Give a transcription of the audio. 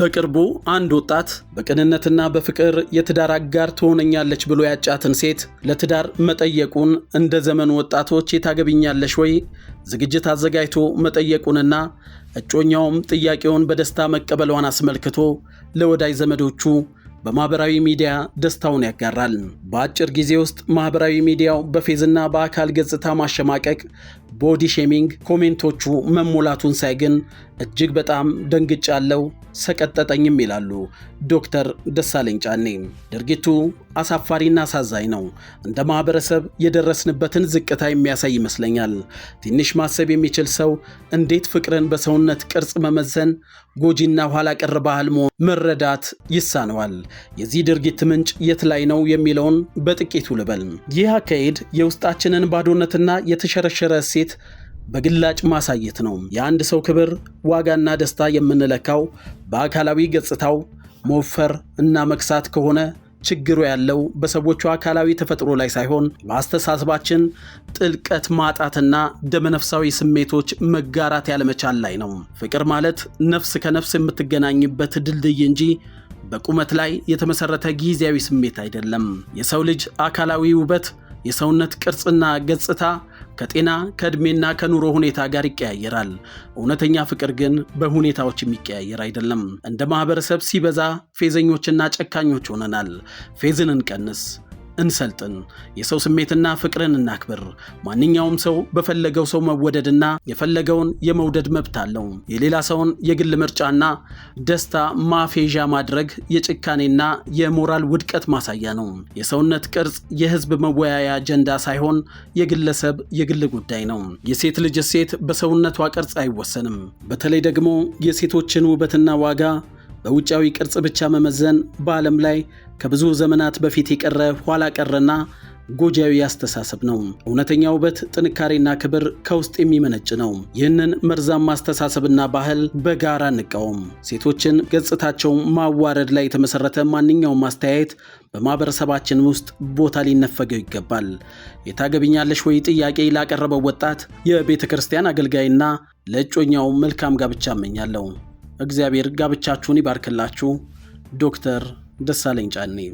በቅርቡ አንድ ወጣት በቅንነትና በፍቅር የትዳር አጋር ትሆነኛለች ብሎ ያጫትን ሴት ለትዳር መጠየቁን እንደ ዘመኑ ወጣቶች የታገብኛለሽ ወይ ዝግጅት አዘጋጅቶ መጠየቁንና እጮኛውም ጥያቄውን በደስታ መቀበሏን አስመልክቶ ለወዳጅ ዘመዶቹ በማኅበራዊ ሚዲያ ደስታውን ያጋራል። በአጭር ጊዜ ውስጥ ማኅበራዊ ሚዲያው በፌዝና በአካል ገጽታ ማሸማቀቅ፣ ቦዲ ሼሚንግ፣ ኮሜንቶቹ መሞላቱን ሳይ ግን እጅግ በጣም ደንግጫለው፣ ሰቀጠጠኝም ይላሉ ዶክተር ደሳለኝ ጫኔ። ድርጊቱ አሳፋሪና አሳዛኝ ነው። እንደ ማህበረሰብ የደረስንበትን ዝቅታ የሚያሳይ ይመስለኛል። ትንሽ ማሰብ የሚችል ሰው እንዴት ፍቅርን በሰውነት ቅርጽ መመዘን ጎጂና ኋላ ቀር ባህል መሆን መረዳት ይሳነዋል። የዚህ ድርጊት ምንጭ የት ላይ ነው የሚለውን በጥቂቱ ልበል። ይህ አካሄድ የውስጣችንን ባዶነትና የተሸረሸረ እሴት በግላጭ ማሳየት ነው። የአንድ ሰው ክብር ዋጋና ደስታ የምንለካው በአካላዊ ገጽታው መወፈር እና መክሳት ከሆነ ችግሩ ያለው በሰዎቹ አካላዊ ተፈጥሮ ላይ ሳይሆን በአስተሳሰባችን ጥልቀት ማጣትና ደመነፍሳዊ ስሜቶች መጋራት ያለመቻል ላይ ነው። ፍቅር ማለት ነፍስ ከነፍስ የምትገናኝበት ድልድይ እንጂ በቁመት ላይ የተመሰረተ ጊዜያዊ ስሜት አይደለም። የሰው ልጅ አካላዊ ውበት፣ የሰውነት ቅርጽና ገጽታ ከጤና ከዕድሜና ከኑሮ ሁኔታ ጋር ይቀያየራል። እውነተኛ ፍቅር ግን በሁኔታዎች የሚቀያየር አይደለም። እንደ ማህበረሰብ ሲበዛ ፌዘኞችና ጨካኞች ሆነናል። ፌዝን እንቀንስ። እንሰልጥን፣ የሰው ስሜትና ፍቅርን እናክብር። ማንኛውም ሰው በፈለገው ሰው መወደድና የፈለገውን የመውደድ መብት አለው። የሌላ ሰውን የግል ምርጫና ደስታ ማፌዣ ማድረግ የጭካኔና የሞራል ውድቀት ማሳያ ነው። የሰውነት ቅርጽ የህዝብ መወያያ አጀንዳ ሳይሆን የግለሰብ የግል ጉዳይ ነው። የሴት ልጅ ሴት በሰውነቷ ቅርጽ አይወሰንም። በተለይ ደግሞ የሴቶችን ውበትና ዋጋ በውጫዊ ቅርጽ ብቻ መመዘን በዓለም ላይ ከብዙ ዘመናት በፊት የቀረ ኋላ ቀረና ጎጂያዊ አስተሳሰብ ነው። እውነተኛ ውበት፣ ጥንካሬና ክብር ከውስጥ የሚመነጭ ነው። ይህንን መርዛማ አስተሳሰብና ባህል በጋራ እንቃወም። ሴቶችን ገጽታቸው ማዋረድ ላይ የተመሰረተ ማንኛውም አስተያየት በማህበረሰባችን ውስጥ ቦታ ሊነፈገው ይገባል። የታገቢኛለሽ ወይ ጥያቄ ላቀረበው ወጣት የቤተ ክርስቲያን አገልጋይና ለእጮኛው መልካም ጋብቻ እመኛለሁ። እግዚአብሔር ጋብቻችሁን ይባርክላችሁ። ዶክተር ደሳለኝ ጫኔ